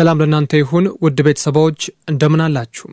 ሰላም ለእናንተ ይሁን ውድ ቤተሰባዎች እንደምን አላችሁ?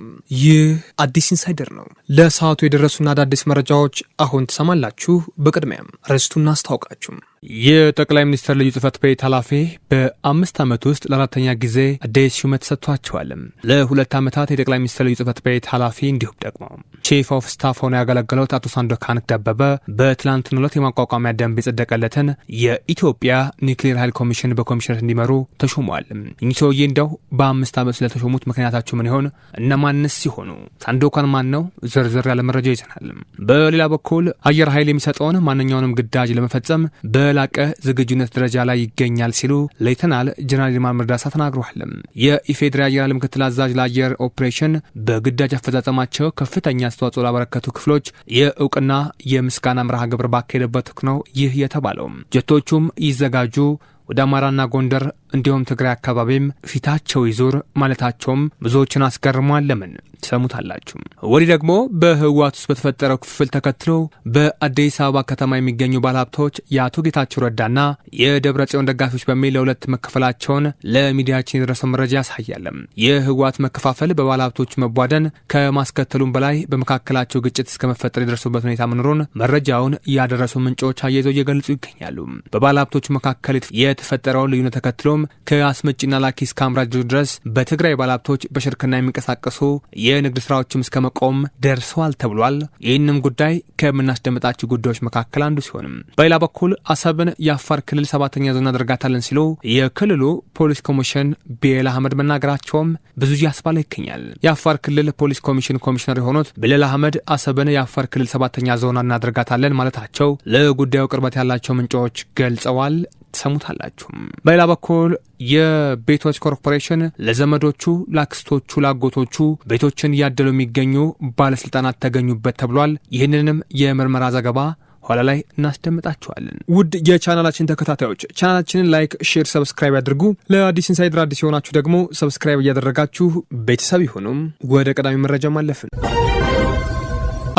ይህ አዲስ ኢንሳይደር ነው። ለሰዓቱ የደረሱና አዳዲስ መረጃዎች አሁን ትሰማላችሁ። በቅድሚያም ርዕስቱን እናስታውቃችሁም የጠቅላይ ሚኒስትር ልዩ ጽህፈት ቤት ኃላፊ በአምስት ዓመት ውስጥ ለአራተኛ ጊዜ አዲስ ሹመት ሰጥቷቸዋል። ለሁለት ዓመታት የጠቅላይ ሚኒስትር ልዩ ጽህፈት ቤት ኃላፊ እንዲሁም ደግሞ ቺፍ ኦፍ ስታፍ ሆነው ያገለገሉት አቶ ሳንዶካን ደበበ በትላንትናው ዕለት የማቋቋሚያ ደንብ የጸደቀለትን የኢትዮጵያ ኒውክሌር ኃይል ኮሚሽን በኮሚሽነት እንዲመሩ ተሾሟል። እኚህ ሰውዬ እንደው በአምስት ዓመት ስለተሾሙት ምክንያታቸው ምን ይሆን? እነማንስ ሲሆኑ ሳንዶካን ማን ነው? ዝርዝር ያለ መረጃ ይዘናል። በሌላ በኩል አየር ኃይል የሚሰጠውን ማንኛውንም ግዳጅ ለመፈጸም በ በላቀ ዝግጁነት ደረጃ ላይ ይገኛል ሲሉ ሌተናል ጀነራል ይልማ መርዳሳ ተናግሯል። የኢፌዴሪ አየር ኃይል ምክትል አዛዥ ለአየር ኦፕሬሽን በግዳጅ አፈጻጸማቸው ከፍተኛ አስተዋጽኦ ላበረከቱ ክፍሎች የእውቅና የምስጋና መርሃ ግብር ባካሄደበት ነው ይህ የተባለው። ጀቶቹም ይዘጋጁ ወደ አማራና ጎንደር እንዲሁም ትግራይ አካባቢም ፊታቸው ይዞር ማለታቸውም ብዙዎችን አስገርሟል። ለምን ትሰሙታላችሁ። ወዲህ ደግሞ በህወሓት ውስጥ በተፈጠረው ክፍፍል ተከትሎ በአዲስ አበባ ከተማ የሚገኙ ባለሀብቶች የአቶ ጌታቸው ረዳና የደብረ ጽዮን ደጋፊዎች በሚል ለሁለት መከፈላቸውን ለሚዲያችን የደረሰው መረጃ ያሳያለም። የህወሓት መከፋፈል በባለሀብቶች መቧደን ከማስከተሉም በላይ በመካከላቸው ግጭት እስከ መፈጠር የደረሱበት ሁኔታ መኖሩን መረጃውን ያደረሱ ምንጮች አያይዘው እየገለጹ ይገኛሉ። በባለሀብቶቹ መካከል የተፈጠረውን ልዩነት ተከትሎ አክሎም ከአስመጪና ላኪ እስከ አምራች ድረስ በትግራይ ባለሀብቶች በሽርክና የሚንቀሳቀሱ የንግድ ስራዎችም እስከ መቆም ደርሰዋል ተብሏል። ይህንም ጉዳይ ከምናስደምጣቸው ጉዳዮች መካከል አንዱ ሲሆንም በሌላ በኩል አሰብን የአፋር ክልል ሰባተኛ ዞን እናደርጋታለን ሲሉ የክልሉ ፖሊስ ኮሚሽን ቢሌል አህመድ መናገራቸውም ብዙ እያስባለ ይገኛል። የአፋር ክልል ፖሊስ ኮሚሽን ኮሚሽነር የሆኑት ቢሌል አህመድ አሰብን የአፋር ክልል ሰባተኛ ዞን እናደርጋታለን ማለታቸው ለጉዳዩ ቅርበት ያላቸው ምንጮች ገልጸዋል። ትሰሙታላችሁም። በሌላ በኩል የቤቶች ኮርፖሬሽን ለዘመዶቹ፣ ለአክስቶቹ፣ ላጎቶቹ ቤቶችን እያደሉ የሚገኙ ባለስልጣናት ተገኙበት ተብሏል። ይህንንም የምርመራ ዘገባ ኋላ ላይ እናስደምጣችኋለን። ውድ የቻናላችን ተከታታዮች ቻናላችንን ላይክ፣ ሼር፣ ሰብስክራይብ ያድርጉ። ለአዲስ ኢንሳይድር አዲስ የሆናችሁ ደግሞ ሰብስክራይብ እያደረጋችሁ ቤተሰብ ይሁኑም። ወደ ቀዳሚ መረጃ ማለፍን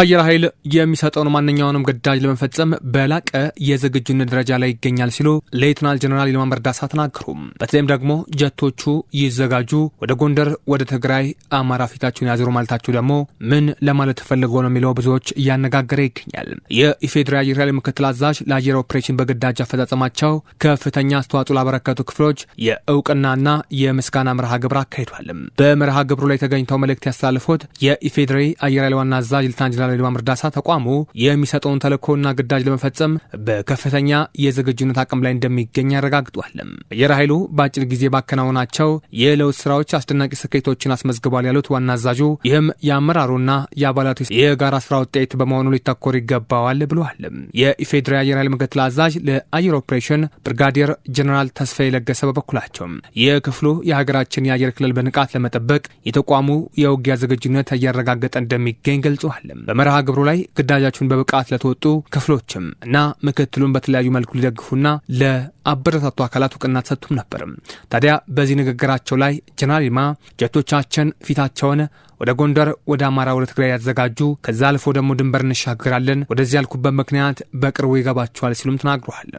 አየር ኃይል የሚሰጠውን ማንኛውንም ግዳጅ ለመፈጸም በላቀ የዝግጁነት ደረጃ ላይ ይገኛል ሲሉ ሌትናል ጀነራል ይልማ መርዳሳ ተናገሩ። በተለይም ደግሞ ጀቶቹ ይዘጋጁ፣ ወደ ጎንደር፣ ወደ ትግራይ፣ አማራ ፊታቸውን ያዝሩ ማለታቸው ደግሞ ምን ለማለት ተፈልገው ነው የሚለው ብዙዎች እያነጋገረ ይገኛል። የኢፌዴሪ አየር ኃይል ምክትል አዛዥ ለአየር ኦፕሬሽን በግዳጅ አፈጻጸማቸው ከፍተኛ አስተዋጽኦ ላበረከቱ ክፍሎች የእውቅናና የምስጋና መርሃ ግብር አካሂዷል። በመርሃ ግብሩ ላይ ተገኝተው መልእክት ያስተላልፉት የኢፌዴሪ አየር ኃይል ዋና አዛዥ ሌትናል የአፍሪካ ልማት እርዳታ ተቋሙ የሚሰጠውን ተልዕኮና ግዳጅ ለመፈጸም በከፍተኛ የዝግጁነት አቅም ላይ እንደሚገኝ አረጋግጧል። አየር ኃይሉ በአጭር ጊዜ ባከናወናቸው የለውጥ ስራዎች አስደናቂ ስኬቶችን አስመዝግቧል ያሉት ዋና አዛዡ ይህም የአመራሩና የአባላቱ የጋራ ስራ ውጤት በመሆኑ ሊተኮር ይገባዋል ብለዋል። የኢፌዴሪ አየር ኃይል ምክትል አዛዥ ለአየር ኦፕሬሽን ብርጋዴር ጀኔራል ተስፋዬ ለገሰ በበኩላቸው የክፍሉ የሀገራችን የአየር ክልል በንቃት ለመጠበቅ የተቋሙ የውጊያ ዝግጁነት እያረጋገጠ እንደሚገኝ ገልጸዋል። በመርሃ ግብሩ ላይ ግዳጃቸውን በብቃት ለተወጡ ክፍሎችም እና ምክትሉን በተለያዩ መልኩ ሊደግፉና ለአበረታቱ አካላት እውቅና ተሰጥቶም ነበርም ታዲያ በዚህ ንግግራቸው ላይ ጀነራል ይልማ ጀቶቻችን ፊታቸውን ወደ ጎንደር፣ ወደ አማራ፣ ወደ ትግራይ ያዘጋጁ ከዛ አልፎ ደግሞ ድንበር እንሻገራለን፣ ወደዚህ ያልኩበት ምክንያት በቅርቡ ይገባቸዋል ሲሉም ተናግሯል።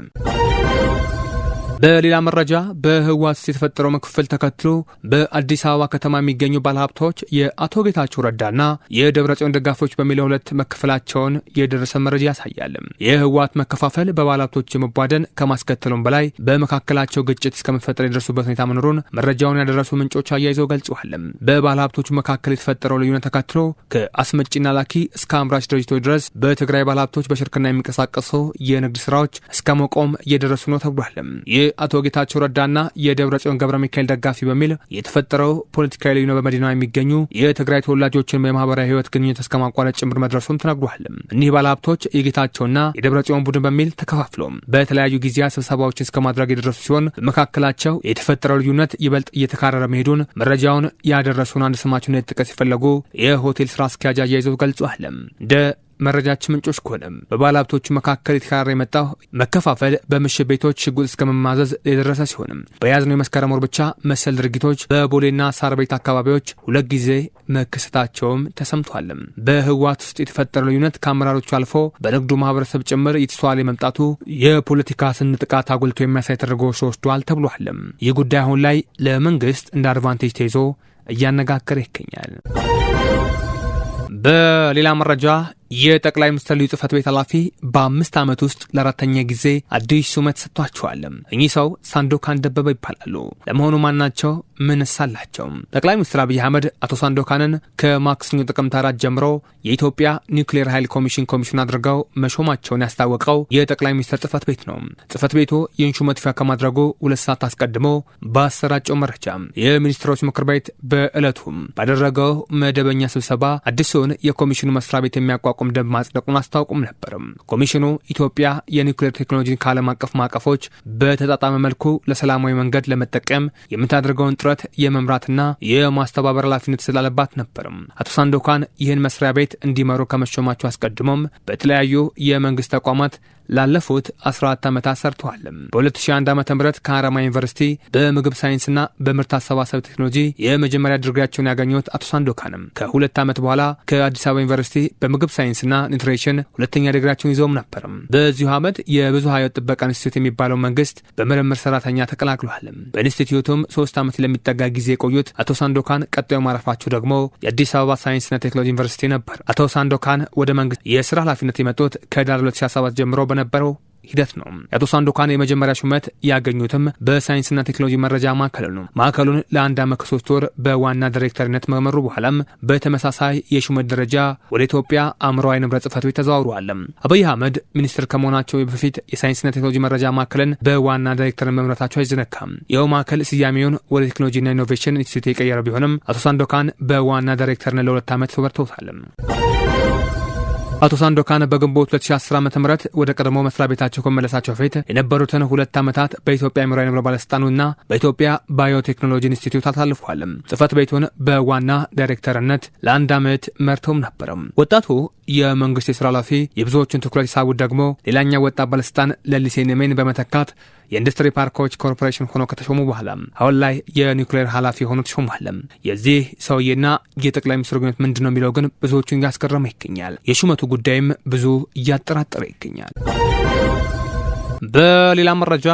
በሌላ መረጃ በህወሓት የተፈጠረው መክፈል ተከትሎ በአዲስ አበባ ከተማ የሚገኙ ባለሀብቶች የአቶ ጌታቸው ረዳና የደብረጽዮን ደጋፊዎች በሚል ሁለት መከፈላቸውን የደረሰ መረጃ ያሳያል። የህወሓት መከፋፈል በባለሀብቶች የመቧደን ከማስከተሉም በላይ በመካከላቸው ግጭት እስከመፈጠር የደረሱበት ሁኔታ መኖሩን መረጃውን ያደረሱ ምንጮች አያይዘው ገልጸዋል። በባለሀብቶቹ መካከል የተፈጠረው ልዩነት ተከትሎ ከአስመጪና ላኪ እስከ አምራች ድርጅቶች ድረስ በትግራይ ባለሀብቶች በሽርክና የሚንቀሳቀሱ የንግድ ስራዎች እስከ መቆም እየደረሱ ነው ተብሏል። አቶ ጌታቸው ረዳና የደብረ ጽዮን ገብረ ሚካኤል ደጋፊ በሚል የተፈጠረው ፖለቲካዊ ልዩነት በመዲና የሚገኙ የትግራይ ተወላጆችን በማህበራዊ ህይወት ግንኙነት እስከ ማቋረጥ ጭምር መድረሱም ተናግሯል። እኒህ ባለሀብቶች የጌታቸውና የደብረ ጽዮን ቡድን በሚል ተከፋፍለው በተለያዩ ጊዜያት ስብሰባዎችን እስከ ማድረግ የደረሱ ሲሆን በመካከላቸው የተፈጠረው ልዩነት ይበልጥ እየተካረረ መሄዱን መረጃውን ያደረሱን አንድ ስማቸውን የተጠቀስ ሲፈለጉ የሆቴል ስራ አስኪያጅ አያይዘው ገልጿል። መረጃችን ምንጮች ከሆነም ሀብቶቹ መካከል የተካረረ የመጣው መከፋፈል በምሽት ቤቶች ሽጉጥ እስከ መማዘዝ የደረሰ ሲሆንም በያዝነው የመስከረም ወር ብቻ መሰል ድርጊቶች በቦሌና ሳር ቤት አካባቢዎች ሁለት ጊዜ መከሰታቸውም ተሰምቷልም። በህወሓት ውስጥ የተፈጠረ ልዩነት ከአመራሮቹ አልፎ በንግዱ ማህበረሰብ ጭምር የተስተዋለ መምጣቱ የፖለቲካ ስን ጥቃት አጉልቶ የሚያሳይ ተደርጎ ተወስዷል ተብሏልም። ይህ ጉዳይ አሁን ላይ ለመንግስት እንደ አድቫንቴጅ ተይዞ እያነጋገረ ይገኛል። በሌላ መረጃ የጠቅላይ ሚኒስትር ልዩ ጽህፈት ቤት ኃላፊ በአምስት ዓመት ውስጥ ለአራተኛ ጊዜ አዲስ ሹመት ሰጥቷቸዋል። እኚህ ሰው ሳንዶካን ደበበ ይባላሉ። ለመሆኑ ማናቸው? ምንስ አላቸው? ጠቅላይ ሚኒስትር አብይ አህመድ አቶ ሳንዶካንን ከማክሰኞ ጥቅምት አራት ጀምሮ የኢትዮጵያ ኒውክሌር ኃይል ኮሚሽን ኮሚሽን አድርገው መሾማቸውን ያስታወቀው የጠቅላይ ሚኒስትር ጽህፈት ቤት ነው። ጽህፈት ቤቱ ይህን ሹመት ይፋ ከማድረጉ ሁለት ሰዓት አስቀድሞ በአሰራጨው መረጃ የሚኒስትሮች ምክር ቤት በዕለቱም ባደረገው መደበኛ ስብሰባ አዲሱን የኮሚሽኑ መስሪያ ቤት የሚያቋቁ አቁም ደንብ ማጽደቁን አስታውቁም ነበርም። ኮሚሽኑ ኢትዮጵያ የኒውክሌር ቴክኖሎጂን ከዓለም አቀፍ ማዕቀፎች በተጣጣመ መልኩ ለሰላማዊ መንገድ ለመጠቀም የምታደርገውን ጥረት የመምራትና የማስተባበር ኃላፊነት ስላለባት ነበርም። አቶ ሳንዶካን ይህን መስሪያ ቤት እንዲመሩ ከመሾማቸው አስቀድሞም በተለያዩ የመንግስት ተቋማት ላለፉት 14 ዓመታት ሰርተዋል። በ2001 ዓ ም ከአረማ ዩኒቨርሲቲ በምግብ ሳይንስና በምርት አሰባሰብ ቴክኖሎጂ የመጀመሪያ ድርጊያቸውን ያገኙት አቶ ሳንዶካንም ከሁለት ዓመት በኋላ ከአዲስ አበባ ዩኒቨርሲቲ በምግብ ሳይንስና ኒትሬሽን ሁለተኛ ድግሪያቸውን ይዘውም ነበርም። በዚሁ ዓመት የብዙ ሀይወት ጥበቃ ኢንስቲትዩት የሚባለው መንግስት በምርምር ሰራተኛ ተቀላቅሏል። በኢንስቲትዩቱም ሶስት ዓመት ለሚጠጋ ጊዜ የቆዩት አቶ ሳንዶካን ቀጣዩ ማረፋቸው ደግሞ የአዲስ አበባ ሳይንስና ቴክኖሎጂ ዩኒቨርሲቲ ነበር። አቶ ሳንዶካን ወደ መንግስት የስራ ኃላፊነት የመጡት ከዳር 2007 ጀምሮ በነበረው ሂደት ነው። የአቶ ሳንዶካን የመጀመሪያ ሹመት ያገኙትም በሳይንስና ቴክኖሎጂ መረጃ ማዕከል ነው። ማዕከሉን ለአንድ ዓመት ከሶስት ወር በዋና ዳይሬክተርነት መመሩ በኋላም በተመሳሳይ የሹመት ደረጃ ወደ ኢትዮጵያ አእምሯዊ ንብረት ጽሕፈት ቤት ተዘዋውረዋል። አብይ አህመድ ሚኒስትር ከመሆናቸው በፊት የሳይንስና ቴክኖሎጂ መረጃ ማዕከልን በዋና ዳይሬክተር መምረታቸው አይዘነካም። ይኸው ማዕከል ስያሜውን ወደ ቴክኖሎጂና ኢኖቬሽን ኢንስቲትዩት የቀየረ ቢሆንም አቶ ሳንዶካን በዋና ዳይሬክተርነት ለሁለት ዓመት ተመርተውታል። አቶ ሳንዶካን በግንቦት 2010 ዓ ም ወደ ቀድሞ መስሪያ ቤታቸው ከመለሳቸው በፊት የነበሩትን ሁለት ዓመታት በኢትዮጵያ አእምሯዊ ንብረት ባለስልጣኑና በኢትዮጵያ ባዮቴክኖሎጂ ኢንስቲትዩት አሳልፏል። ጽህፈት ቤቱን በዋና ዳይሬክተርነት ለአንድ ዓመት መርተውም ነበረም። ወጣቱ የመንግስት የስራ ኃላፊ የብዙዎችን ትኩረት የሳቡት ደግሞ ሌላኛው ወጣት ባለስልጣን ለሊሴ በመተካት የኢንዱስትሪ ፓርኮች ኮርፖሬሽን ሆኖ ከተሾሙ በኋላ አሁን ላይ የኒውክሌር ኃላፊ ሆኖ ተሾሟል። የዚህ ሰውዬና የጠቅላይ ሚኒስትሩ ግንኙነት ምንድን ነው የሚለው ግን ብዙዎቹን እያስገረመ ይገኛል። የሹመቱ ጉዳይም ብዙ እያጠራጠረ ይገኛል። በሌላ መረጃ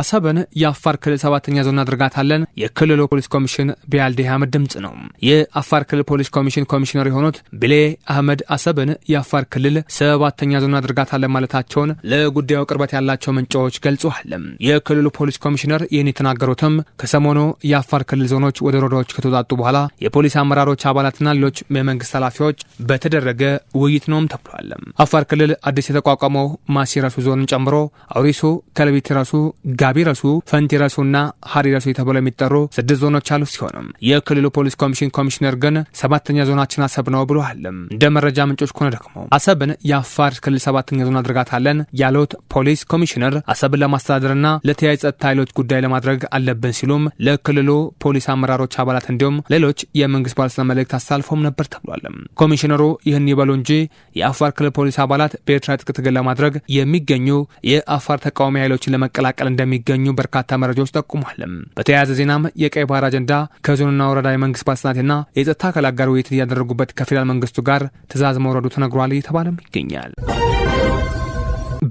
አሰብን የአፋር ክልል ሰባተኛ ዞን አድርጋታለን የክልሉ ፖሊስ ኮሚሽን ቢያልዴ አህመድ ድምፅ ነው። የአፋር ክልል ፖሊስ ኮሚሽን ኮሚሽነር የሆኑት ቢሌ አህመድ አሰብን የአፋር ክልል ሰባተኛ ዞን አድርጋታለን ማለታቸውን ለጉዳዩ ቅርበት ያላቸው ምንጮች ገልጿል። የክልሉ ፖሊስ ኮሚሽነር ይህን የተናገሩትም ከሰሞኑ የአፋር ክልል ዞኖች ወደ ወረዳዎች ከተወጣጡ በኋላ የፖሊስ አመራሮች አባላትና ሌሎች የመንግስት ኃላፊዎች በተደረገ ውይይት ነውም ተብሏል። አፋር ክልል አዲስ የተቋቋመው ማሲረሱ ዞንን ጨምሮ አውሪሱ፣ ከለቤት ራሱ ጋቢ ረሱ፣ ፈንቲ ረሱና ሀሪ ረሱ ተብለው የሚጠሩ ስድስት ዞኖች አሉ ሲሆንም የክልሉ ፖሊስ ኮሚሽን ኮሚሽነር ግን ሰባተኛ ዞናችን አሰብ ነው ብለዋል። እንደ መረጃ ምንጮች ከሆነ ደግሞ አሰብን የአፋር ክልል ሰባተኛ ዞን አድርጋታለን ያሉት ፖሊስ ኮሚሽነር አሰብን ለማስተዳደርና ለተያይ ጸጥታ ኃይሎች ጉዳይ ለማድረግ አለብን ሲሉም ለክልሉ ፖሊስ አመራሮች አባላት እንዲሁም ሌሎች የመንግስት ባለስልጣን መልእክት አሳልፎም ነበር ተብሏል። ኮሚሽነሩ ይህን ይበሉ እንጂ የአፋር ክልል ፖሊስ አባላት በኤርትራ የትጥቅ ትግል ለማድረግ የሚገኙ የአፋር ተቃዋሚ ኃይሎችን ለመቀላቀል እንደሚ እንደሚገኙ በርካታ መረጃዎች ጠቁሟል። በተያያዘ ዜናም የቀይ ባህር አጀንዳ ከዞንና ወረዳ የመንግስት ባለስልጣናትና የጸጥታ አካላት ጋር ውይይት እያደረጉበት ከፌዴራል መንግስቱ ጋር ትእዛዝ መውረዱ ተነግሯል እየተባለም ይገኛል።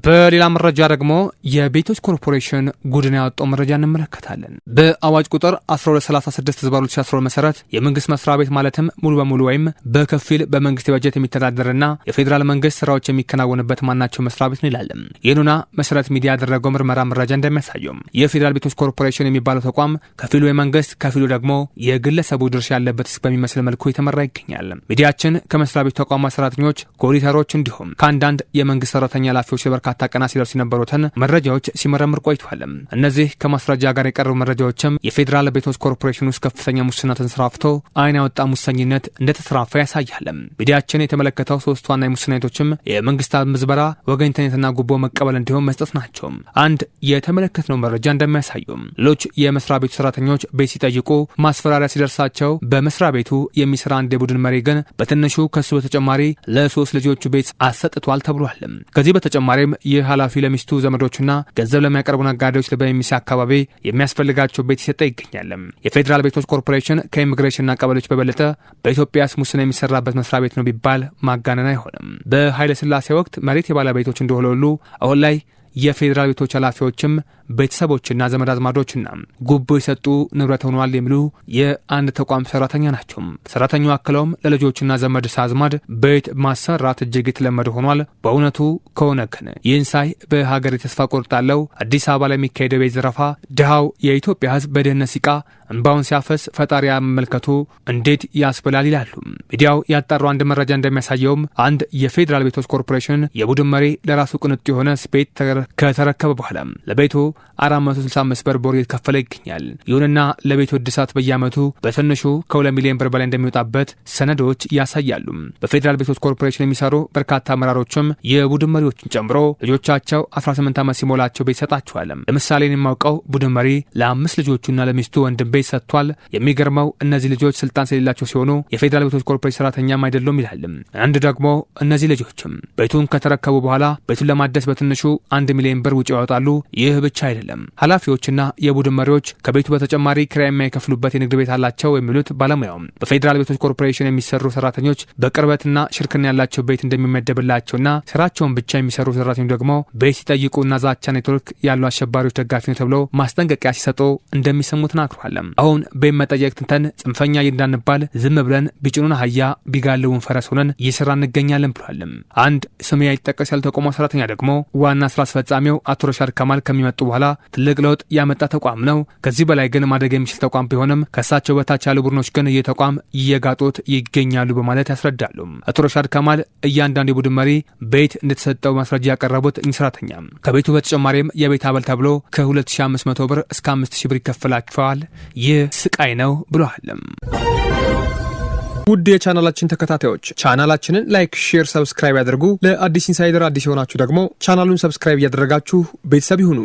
በሌላ መረጃ ደግሞ የቤቶች ኮርፖሬሽን ጉድን ያወጣው መረጃ እንመለከታለን። በአዋጅ ቁጥር 1236 ዝባ 2012 መሰረት የመንግስት መስሪያ ቤት ማለትም ሙሉ በሙሉ ወይም በከፊል በመንግስት በጀት የሚተዳደርና የፌዴራል መንግስት ስራዎች የሚከናወንበት ማናቸው መስሪያ ቤት ነው ይላለም። ይህኑና መሰረት ሚዲያ ያደረገው ምርመራ መረጃ እንደሚያሳየው የፌዴራል ቤቶች ኮርፖሬሽን የሚባለው ተቋም ከፊሉ የመንግስት ከፊሉ ደግሞ የግለሰቡ ድርሻ ያለበት እስክ በሚመስል መልኩ የተመራ ይገኛል። ሚዲያችን ከመስሪያ ቤት ተቋማት ሰራተኞች፣ ከኦዲተሮች እንዲሁም ከአንዳንድ የመንግስት ሰራተኛ ኃላፊዎች በርካታ ቀናት ሲደርስ የነበሩትን መረጃዎች ሲመረምር ቆይቷል። እነዚህ ከማስረጃ ጋር የቀረቡ መረጃዎችም የፌዴራል ቤቶች ኮርፖሬሽን ውስጥ ከፍተኛ ሙስና ተንሰራፍቶ አይን ያወጣ ሙሰኝነት እንደተሰራፋ ያሳያል። ሚዲያችን የተመለከተው ሶስት ዋና የሙስና አይነቶችም የመንግስታት ምዝበራ፣ ወገኝተኝነትና ጉቦ መቀበል እንዲሁም መስጠት ናቸው። አንድ የተመለከትነው መረጃ እንደሚያሳዩም ሌሎች የመስሪያ ቤቱ ሰራተኞች ቤት ሲጠይቁ ማስፈራሪያ ሲደርሳቸው፣ በመስሪያ ቤቱ የሚሰራ አንድ የቡድን መሪ ግን በትንሹ ከሱ በተጨማሪ ለሶስት ልጆቹ ቤት አሰጥቷል ተብሏል። ከዚህ በተጨማሪም በመሆኑም ይህ ኃላፊ ለሚስቱ ዘመዶችና ገንዘብ ለሚያቀርቡ ነጋዴዎች በሚሚሲ አካባቢ የሚያስፈልጋቸው ቤት ይሰጠ ይገኛልም። የፌዴራል ቤቶች ኮርፖሬሽን ከኢሚግሬሽንና ቀበሌዎች በበለጠ በኢትዮጵያ ሙስና የሚሰራበት መስሪያ ቤት ነው ቢባል ማጋነን አይሆንም። በኃይለ ስላሴ ወቅት መሬት የባለቤቶች እንደሆነ ሁሉ አሁን ላይ የፌዴራል ቤቶች ኃላፊዎችም ቤተሰቦችና ዘመድ አዝማዶችና ጉቦ የሰጡ ንብረት ሆኗል የሚሉ የአንድ ተቋም ሰራተኛ ናቸው። ሰራተኛው አክለውም ለልጆችና ዘመድ ሳዝማድ ቤት ማሰራት እጅግ የተለመደ ሆኗል። በእውነቱ ከሆነ ግን ይህን ሳይ በሀገር የተስፋ ቆርጣለው። አዲስ አበባ ላይ የሚካሄደው ቤት ዘረፋ ድሃው የኢትዮጵያ ሕዝብ በድህነት ሲቃ እንባውን ሲያፈስ ፈጣሪ መመልከቱ እንዴት ያስብላል ይላሉ። ሚዲያው ያጣራው አንድ መረጃ እንደሚያሳየውም አንድ የፌዴራል ቤቶች ኮርፖሬሽን የቡድን መሪ ለራሱ ቅንጡ የሆነ ቤት ከተረከበ በኋላ ለቤቱ 465 ብር ቦር እየተከፈለ ይገኛል። ይሁንና ለቤቱ እድሳት በየዓመቱ በትንሹ ከ2 ሚሊዮን ብር በላይ እንደሚወጣበት ሰነዶች ያሳያሉ። በፌዴራል ቤቶች ኮርፖሬሽን የሚሰሩ በርካታ አመራሮችም የቡድን መሪዎችን ጨምሮ ልጆቻቸው 18 ዓመት ሲሞላቸው ቤት ይሰጣቸዋል። ለምሳሌ የማውቀው ቡድን መሪ ለአምስት ልጆቹና ለሚስቱ ወንድም ቤት አስተያየት ሰጥቷል። የሚገርመው እነዚህ ልጆች ስልጣን ስለሌላቸው ሲሆኑ የፌዴራል ቤቶች ኮርፖሬት ሰራተኛም አይደሉም ይላልም። አንድ ደግሞ እነዚህ ልጆችም ቤቱን ከተረከቡ በኋላ ቤቱን ለማደስ በትንሹ አንድ ሚሊዮን ብር ውጭ ያወጣሉ። ይህ ብቻ አይደለም። ኃላፊዎችና የቡድን መሪዎች ከቤቱ በተጨማሪ ኪራይ የማይከፍሉበት የንግድ ቤት አላቸው የሚሉት ባለሙያውም በፌዴራል ቤቶች ኮርፖሬሽን የሚሰሩ ሰራተኞች በቅርበትና ሽርክና ያላቸው ቤት እንደሚመደብላቸውና ስራቸውን ብቻ የሚሰሩ ሰራተኞች ደግሞ ቤት ሲጠይቁና ዛቻ ኔትወርክ ያሉ አሸባሪዎች ደጋፊ ነው ተብሎ ማስጠንቀቂያ ሲሰጡ እንደሚሰሙ ተናግሯል። አሁን በመጠየቅ ትንተን ጽንፈኛ እንዳንባል ዝም ብለን ቢጭኑን አህያ ቢጋልውን ፈረስ ሆነን እየሰራ እንገኛለን ብሏልም። አንድ ስሙ ያይጠቀስ ያልተቋቋመው ሰራተኛ ደግሞ ዋና ስራ አስፈጻሚው አቶ ረሻድ ከማል ከሚመጡ በኋላ ትልቅ ለውጥ ያመጣ ተቋም ነው። ከዚህ በላይ ግን ማደግ የሚችል ተቋም ቢሆንም ከእሳቸው በታች ያሉ ቡድኖች ግን ይህ ተቋም እየጋጡት ይገኛሉ በማለት ያስረዳሉ። አቶ ረሻድ ከማል እያንዳንዱ የቡድን መሪ ቤት እንደተሰጠው ማስረጃ ያቀረቡት እኚህ ሰራተኛ ከቤቱ በተጨማሪም የቤት አበል ተብሎ ከ2500 ብር እስከ 5000 ብር ይከፍላቸዋል። ይህ ስቃይ ነው ብሏልም። ውድ የቻናላችን ተከታታዮች ቻናላችንን ላይክ፣ ሼር፣ ሰብስክራይብ ያድርጉ። ለአዲስ ኢንሳይደር አዲስ የሆናችሁ ደግሞ ቻናሉን ሰብስክራይብ እያደረጋችሁ ቤተሰብ ይሁኑ።